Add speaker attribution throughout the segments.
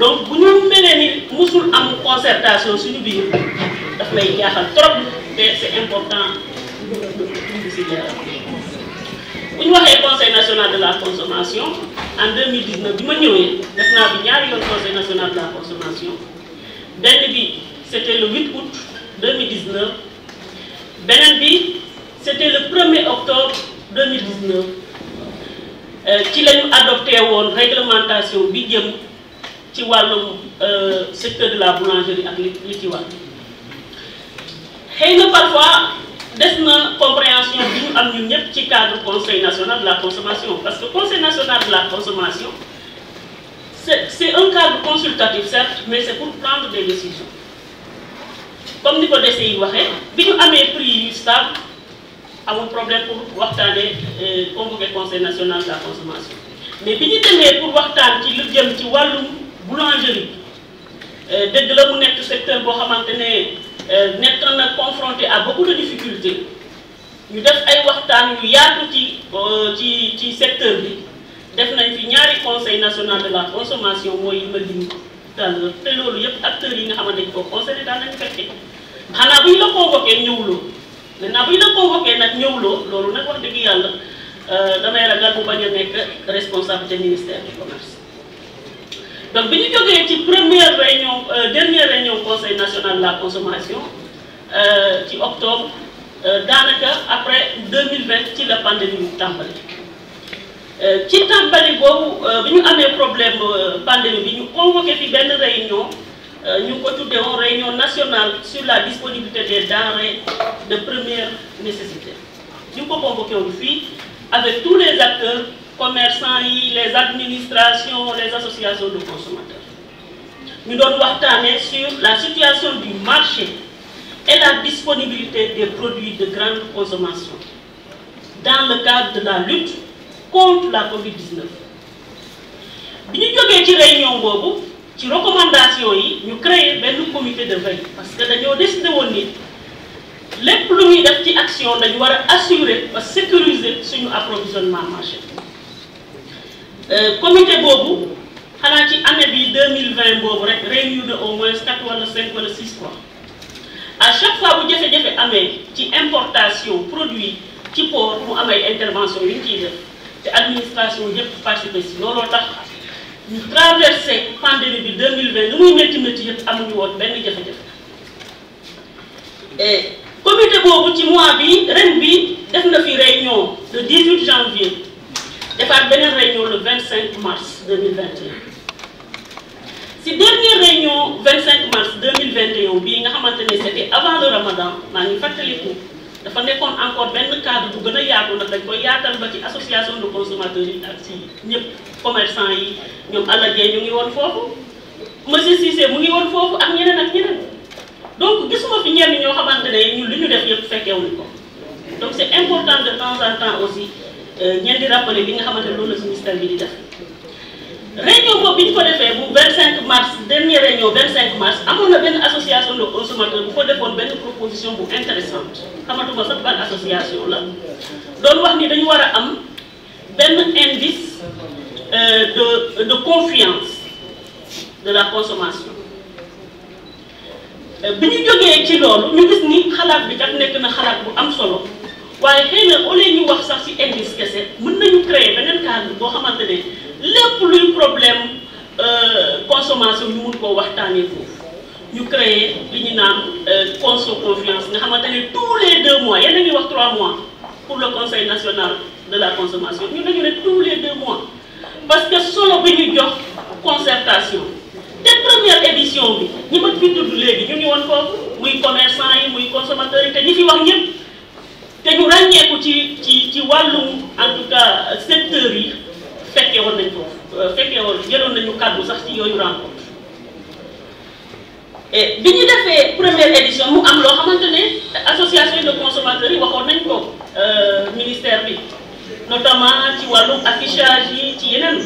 Speaker 1: donc nous nous, une ni musul am concertation suñu biir daf trop mais c'est important Nous si leeral conseil national de la consommation en 2019 nous avons eu def conseil national de la consommation c'était le 8 août 2019 beneen bi c'était le 1er octobre 2019 euh, ci a adopté une réglementation ci wàllum euh, secteur de la boulangerie ak li Et ci parfois des na compréhension bi ñu am cadre conseil national de la consommation parce que conseil national de la consommation c'est un cadre consultatif certes mais c'est pour prendre des décisions comme ni ko dese yi waxee bi ñu amee prix nous stable amul problème pour waxtaanee euh, convoquer conseil national de la consommation mais bi ñu demee pour waxtaan ci lu jëm ci wàllum boulangerie euh, dëgg la mu nekk secteur bo xamantene euh nekk na confronté à beaucoup de difficultés ñu def ay waxtaan ñu yaatu ci euh, ci ci secteur bi def nañ fi ñaari conseil national de la consommation moy yi ma lim tàll te loolu yëpp acteurs yi nga xamantene ko conseil daan nañ fekke xanaa buñ la convoqué ñëwuloo maintenant buñ la convoqué nag ñëwuloo loolu nag wax dëgg yàlla euh, damay ragal bu bañ nek nekk responsabilité ministère du commerce donc nous avons eu ci première réunion euh, dernière réunion conseil national de la consommation euh, ci octobre euh, après 2020 ci la pandémie Tambali. tàmbali ci Tambali, nous bi ñu un problème pandémie nous avons convoqué une réunion ñu ko une réunion nationale sur la disponibilité des denrées de première nécessité Nous avons convoqué une avec tous les acteurs commerçants les administrations les associations de consommateurs Nous devons parler sur la situation du marché et la disponibilité des produits de grande consommation dans le cadre de la lutte contre la Covid-19 Nous avons une réunion une recommandation yi ñu comité de veille parce que avons décidé de les lépp lu nous assurer et sécuriser notre approvisionnement marché euh, comité bobu xanaa ci année bi 2020 bobu rek réunion de au moins 4 wala 5 wala 6 fois à chaque fois bu jafe-jafe amé ci importation produit ci port mu am ay intervention yu ci def te administration yépp participé ci lolo tax ñu traversé pandémie bi 2020 lu muy metti metti yépp amuñu woon benn jafe-jafe comité bobu ci mois bi ren bi def na fi réunion le 18 janvier defaat une réunion le 25 mars 2021 si dernière réunion 25 mars 2021 c'était avant le Ramadan il ngi fàttaliku dafa nekkoon encore benn cadre pour gën a yaatu ndax dañ koy yaatal ba de consommateurs yi les commerçants, ñëpp commerçants yi ñoom àllajee ñu ngi woon foofu monsieur Cissé mu ngi woon ils ak ñeneen ak ñeneen donc gisuma fi ñenn ñoo xamante ne ñun li ñu def yëpp donc c'est important de temps en temps aussi ngeen euh, di rappeler li nga xamante ne loolu la stal bi di def réunion boobu bi ñu ko defee bu 25 mars dernière réunion 25 mars amoon na benn association de consommateurs bu ko defoon benn proposition bu intéressante xamatuma sax ban association la doon wax ni dañu war a am benn indice euh, de de confiance de la consommation euh, bi ñu jógee ci loolu ñu gis ni xalaat bi kat nekk na xalaat bu am solo waaye xëy na au lieu ñu wax sax ci indice kese mën nañu créer beneen cadre boo xamante ne lépp luy problème euh, consommation ñu mun koo waxtaanee foofu ñu créer li ñu naan euh, conso confiance nga xamante ne tous les deux mois yenn ñuy wax trois mois pour le conseil national de la consommation ñu dañu ne tous les deux mois rencontre et bi ñu première édition mu am loo xamante association de consommateurs yi waxoon nañ ko euh, ministère bi notamment ci wàllum affichage yi ci yeneen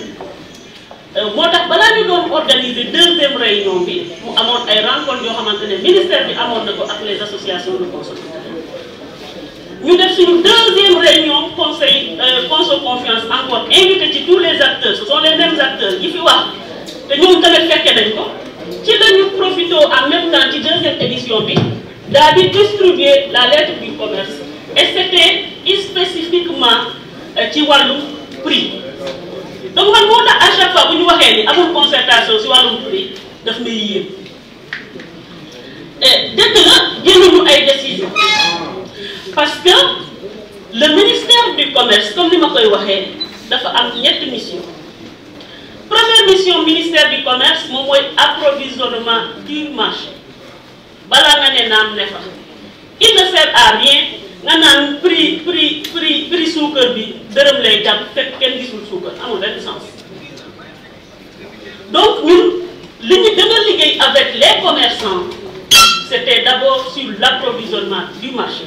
Speaker 1: euh, moo doon organiser deuxième réunion bi mu amoon ay rencontre yoo xamante ministère bi amoon ko ak les associations de consommateurs ñu def suñu deuxième réunion conseil euh, conso confiance encore invité ci tous les acteurs ce sont les mêmes acteurs yi fi wax nous avons fait fekke nañ ko ci lañu profité en même temps ci deuxième édition bi distribuer la lettre du commerce et c'était spécifiquement euh, ci le prix donc man moo à chaque fois que nous avons ni concertation sur le prix daf may là il nous avons ay décision parce que le ministère du commerce comme je l'ai dit, a dafa am mission première mission ministère du commerce c'est l'approvisionnement approvisionnement du marché il ne sert à rien nous prenons, prix prix prix prix suukar bi dërëm lay jàpp gisul sens donc l'unité de ñu avec les commerçants c'était d'abord sur l'approvisionnement du marché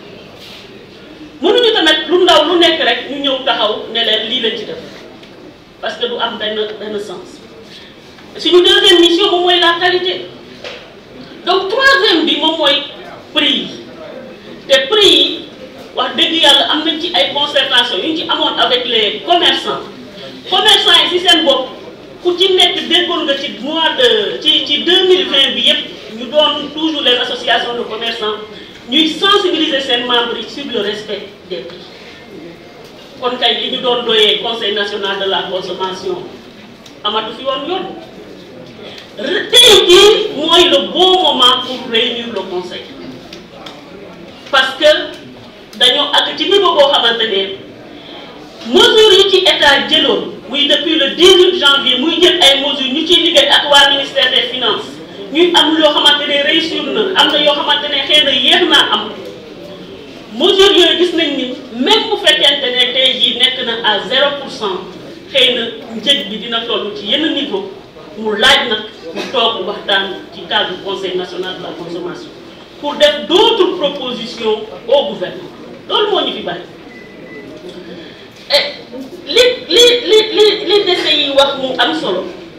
Speaker 1: mënuñu tamit lu ndaw lu nekk rek ñu ñëw taxaw ne leen lii lañ ci def parce que du am benn benn sens suñu deuxième mission moom mooy la qualité donc troisième bi moom mooy prix yi te prix yi wax dëgg yàlla am nañ ci ay concertations yu ñu ci amoon avec les commerçants commerçants yi si seen bopp ku ci nekk déggoon nga ci mois de ci ci deux bi yëpp ñu doon toujours les associations de commerçants nous sensibiliser ces membres sur le respect des prix conseil national de la consommation le bon moment pour réunir le conseil parce que dañoo ak ci niveau mesures depuis le 18 janvier Nous jël ay mesures ministère des finances ñuy am yoo xamante ne réussir na am na yoo xamante ne xëy na yéex naa am mesures yooyu gis nañ ni même bu fekkente ne tey jii nekk na à zéro pour cent xëy na njëg bi dina toll ci yenn niveau mu laaj nag mu toog waxtaan ci cadre conseil national de la consommation pour def d' autres propositions au gouvernement loolu moo ñu fi bàyyi et eh, li li li li li yi wax mu am solo.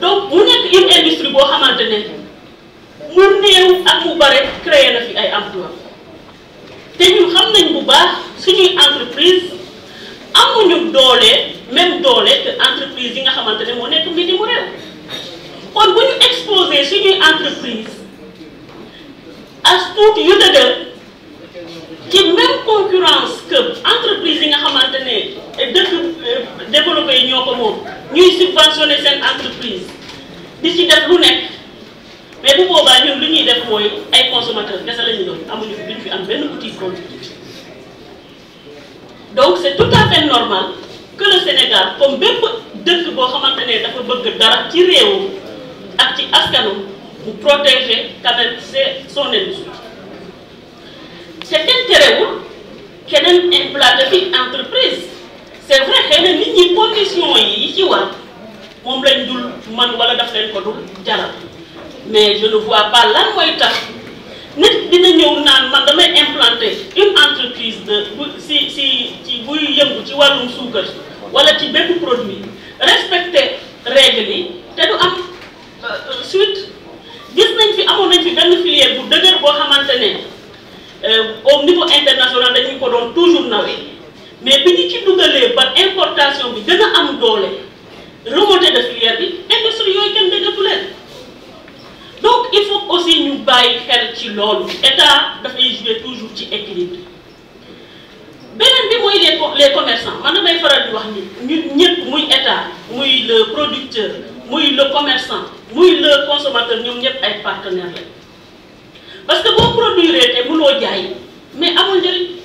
Speaker 1: donc mu nekk une industrie boo xamante ne mu néew ak mu bare créer na fi ay emploi te ñun xam nañ bu baax suñuy entreprise amuñu doole même doole que entreprise yi nga xamante ne moo nekk mbir mu réew kon bu ñu exposé suñuy entreprise as tuut yu dëgër ci même concurrence que entreprise yi nga xamante ne dëkk euh, développé ñoo ko moom. ñuy subventionner cette entreprise D'ici ci def lu nekk mais bu boobaa ñun lu ñuy def mooy ay consommateurs kese la ñu doon amuñu fi duñ fi am benn outil productif donc c'est tout à fait normal que le Sénégal comme bépp dëkk boo xamante ne dafa bëgg dara ci réewam ak ci askanam pour protéger quand même son industrie te kenn terewul keneen implanté fi entreprise. c'est vrai xëy na nit ñi conditions yi yi wan war moom lañ dul man wala daf leen ko dul jaral mais je ne vois pas lan mooy tax nit dina ñëw naan man damay implanter une entreprise si si ci buy yëngu ci wàllum suukar wala ci benn produit respecter règles yi te du am euh, suite gis nañ fi amoon nañ fi benn filière bu dëgër boo xamante ne euh, au niveau international dañu ko doon toujours nawee mais bi ñu ci dugalee importation bi gën un am remonter la filière bi industrie yooyu kenn déggatu donc il faut aussi nous bàyyi xel ci loolu état dafay jouer toujours ci équilibre Benen bi moy les commerçants man damay faral di wax ni ñun ñëpp muy état muy le producteur muy le commerçant muy le consommateur ñom ñëpp ay partenaires parce que bo produire te mënoo jaay mais amul njëriñ.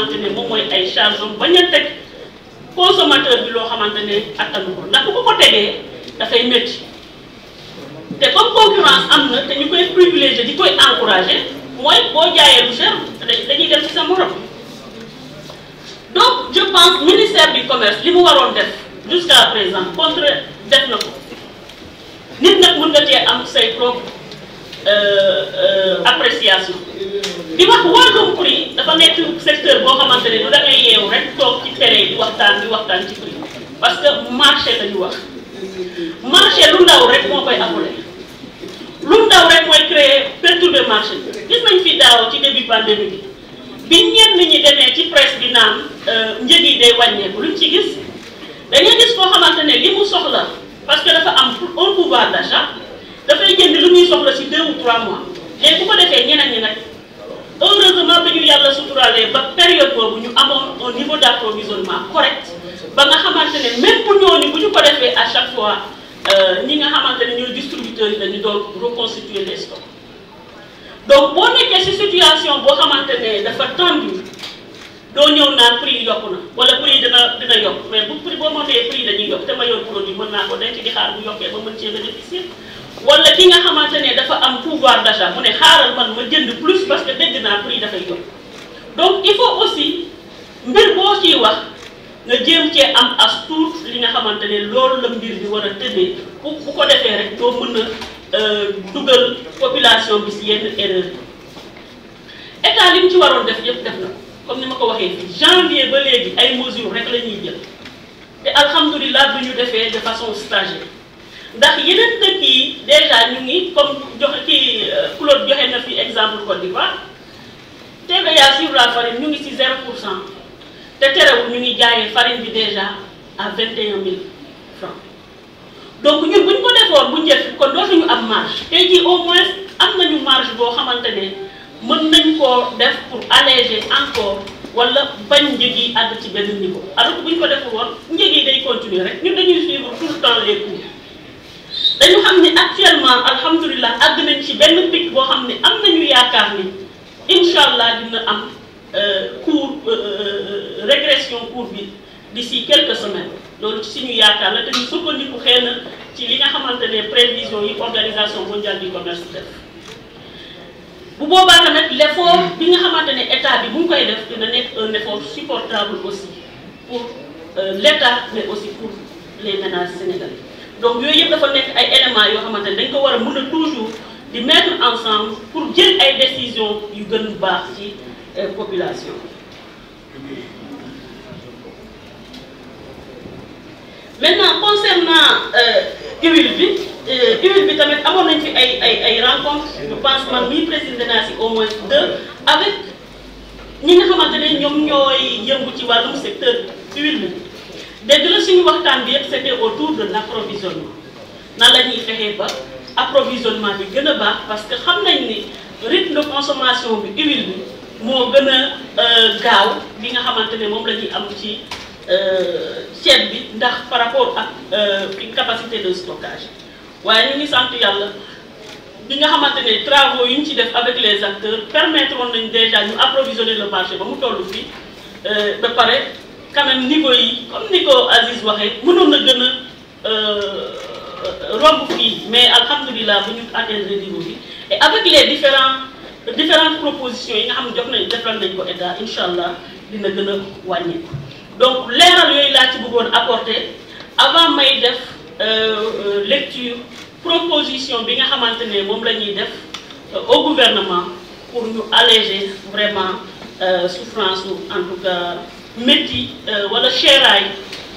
Speaker 1: xamante ne moom ay charge bañ a teg consommateur bi loo xamante ne attanu ko ndax bu ko ko tegee dafay métti te comme am na te ñu koy privilégié di koy encouragé mooy boo jaayee lu cher dañuy dem ci sa morom donc je pense ministère bi commerce li mu waroon def jusqu'à présent contre def na ko nit nag mën am say propre Euh, euh, appréciation di wax wàllum prix dafa nekk secteur boo xamante ne du da ngay yeewu rek toog ci télé di waxtaan di waxtaan ci prix parce que marché la ñu wax marché lu ndaw rek moo koy appelé lu ndaw rek mooy créer perturber marché gis nañ fi daaw ci début pandémie bi bi ñenn ñi demee ci presse bi naan euh, njëg yi day wàññeeku luñ ci gis dañuy gis koo xamante ne li mu soxla parce que dafa am un pouvoir d'achat dafay jënd lu muy soxla si deux ou trois mois mais bu ko defee ñeneen ñi nag heureusement ba ñu yàlla suturaalee ba période boobu ñu amoon un niveau d'approvisionnement correct ba nga xamante ne même bu ñooñu bu ñu ko defee à chaque fois euh, ñi nga xamante ne ñooy distributeurs yi la doon reconstituer les stocks donc boo nekkee si situation boo xamante ne dafa tendue doo ñëw naan prix yi yokku na wala prix yi dina dina yokk mais bu prix boo montee prix yi dañuy yokk te ma yor produit mën naa ko denc di xaar bu yokkee ba mën cee bénéficier wala ki nga xamante ne dafa am pouvoir d'achat mu ne xaaral man ma jënd plus parce que dégg naa prix dafay yokk donc il faut aussi mbir boo ciy wax nga jéem cee am as tout li nga xamante ne loolu la mbir bi war a tëddee bu bu ko defee rek doo mën a euh, dugal population bi si yenn erreur état li mu ci waroon def yëpp def na comme ni ma ko waxee janvier ba léegi ay mesures rek la ñuy jël te alhamdulilah bu ñu defee de façon stagiaire ndax yeneen dëkk yi déjà ñu ni comme joxe ci euh, Claude joxe na fi exemple Côte d'Ivoire TVA sur la farine ñu ngi ci 0% pour cent te terewul ñu ngi jaayee farine bi déjà à vingt et francs donc ñun bu ñu ko defoon bu njëkk kon dootuñu am marge tey jii au moins am nañu marge boo xamante ne mën nañ koo def pour alléger encore wala bañ njëg yi àgg ci benn niveau alors que bu ñu ko deful woon njëg day continuer rek ñun dañuy suivre tout le temps les coûts dañu xam ni actuellement alhamdulilah àgg nañ ci benn pic boo xam ne am nañu yaakaar ni incha allah dina am euh, cours euh, euh, régression courbe bi d'ici quelques semaines loolu ci suñu yaakaar la te ñu sukkandiku xëy na ci li nga xamante ne prévision yi organisation mondiale du commerce def bu boobaa tamit l' effort bi nga xamante ne état bi bu mu koy def dina nekk un effort supportable aussi pour l' état mais aussi pour les ménages sénégalais donc yooyu yëpp dafa nekk ay éléments yoo xamante ne ko war a toujours di mettre ensemble pour jël ay décisions yu gën baax ci euh, population maintenant concernant euh, huile bi euh, huile bi tamit amoon nañ fi ay ay ay rencontres je pense man mii président naa si au moins deux avec ñi nga xamante ne ñoom ñooy yëngu ci wàllum secteur huile bi dégg la suñu waxtaan bi yëpp c'était autour de l'approvisionnement nan la ñuy fexee ba approvisionnement bi gën a parce que xam nañ ni rythme de consommation bi huile bi moo gën a euh, gaaw li nga xamante ne moom la am ci euh, ceeb bi ndax par rapport à ak euh, capacité de stockage waaye ñu ngi sant yàlla bi nga xamante travaux yi ñu ci def avec les acteurs permettront woon déjà ñu approvisionner le marché ba mu toll fii ba pare quand même niveau yi comme niko Aziz waxe mënoon na gën a euh, romb fii mais alhamdulilah bu ñu atteindre niveau bi et avec les différents différentes propositions yi nga xam jox nañ defal nañ ko état inshallah dina gëna a donc leeral yoy laa ci bëggoon apporter avant may def euh, euh, lecture proposition bi nga xamante mom lañuy def au gouvernement pour ñu alléger vraiment souffrance ou en tout cas métti euh, wala cheray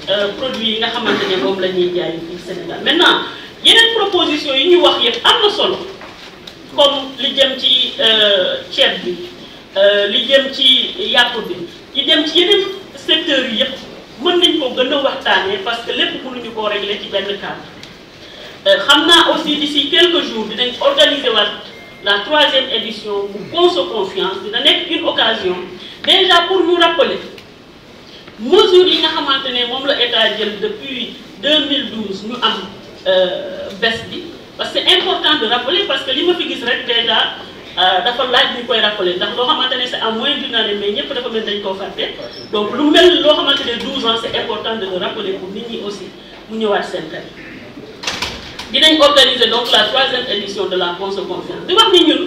Speaker 1: euh, produit yi nga xamante mom lañuy la ñuy jaay fii Sénégal maintenant yeneen proposition yi ñu wax yëpp am na solo comme li jëm ci euh, ceeb bi li jëm ci yàpp bi li jëm ci yeneen secteur yi yëpp mën nañ ko gën a waxtaanee parce que lépp ñu koo régler ci benn cadre xam naa aussi d'ici quelques jours dinañ organiser waat la troisième édition bu Conso Confiance dina nekk une occasion déjà pour nous rappeler mesures yi nga xamante ne moom la état jël depuis 2012 ñu am euh, baisse bi parce que c'est important de rappeler parce que li ma fi gis rek déjà euh, dafa laaj ñu koy rappeler ndax loo xamante c'est à moins d'une année mais ñëpp dafa mel dañ koo fàtte donc lu mel loo xamante ne 12 ans c'est important de le rappeler pour nit ñi aussi mu ñëwaat seen xel dinañ organiser donc la troisième édition de la Ponce Conférence di wax ni ñun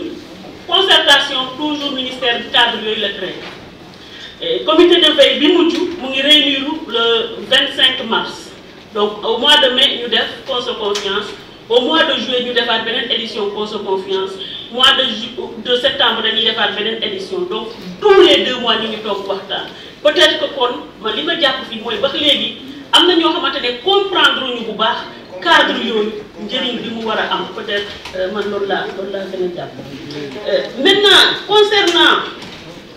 Speaker 1: concertation toujours ministère du cadre yooyu le créé eh, comité de veille bi mujj mu le 25 mars donc au mois de mai ñu def conso confiance au mois de juillet ñu faire une édition conso confiance mois de septembre, de septembre dañuy une édition donc tous les deux mois ñu ngi toog waxtaan peut-être que kon ma jàpp fii mooy ba léegi am na ñoo xamante ne comprendre ñu bu baax cadre yooyu njëriñ bi mu war am peut-être euh, man loolu laa loolu laa gën euh, maintenant concernant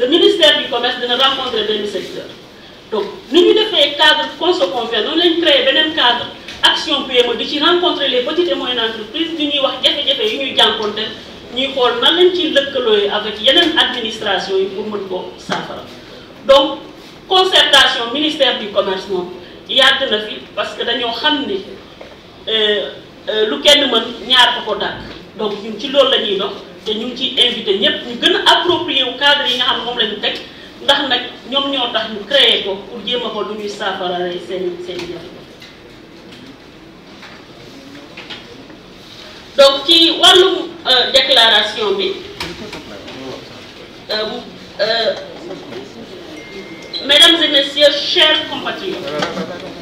Speaker 1: le ministère du commerce dina rencontrer benn secteur donc ni ñu un cadre consoconvert Nous lañ créé beneen cadre action PME di ci rencontrer les petites et moyennes entreprises du ñuy wax jafe-jafe yi ñuy jànkoonte ñuy xool nan lañ ci lëkkalooyee avec yeneen administration yi pour mën ko saafara donc concertation ministère du commerce moom yàgg na fi parce que dañoo xam ni euh, euh, lu kenn mën ñaar ko ko dàkk donc ñun ci loolu la ñuy dox te ñu ci invité ñëpp ñu gën a approprié wu cadre yi nga xam ne moom la ñu teg ndax nag ñoom ñoo tax ñu créé ko pour jéem a ko du ñuy saafara rek seen seen jafe donc ci wàllum euh, déclaration bi euh, euh, mesdames et messieurs chers compatriotes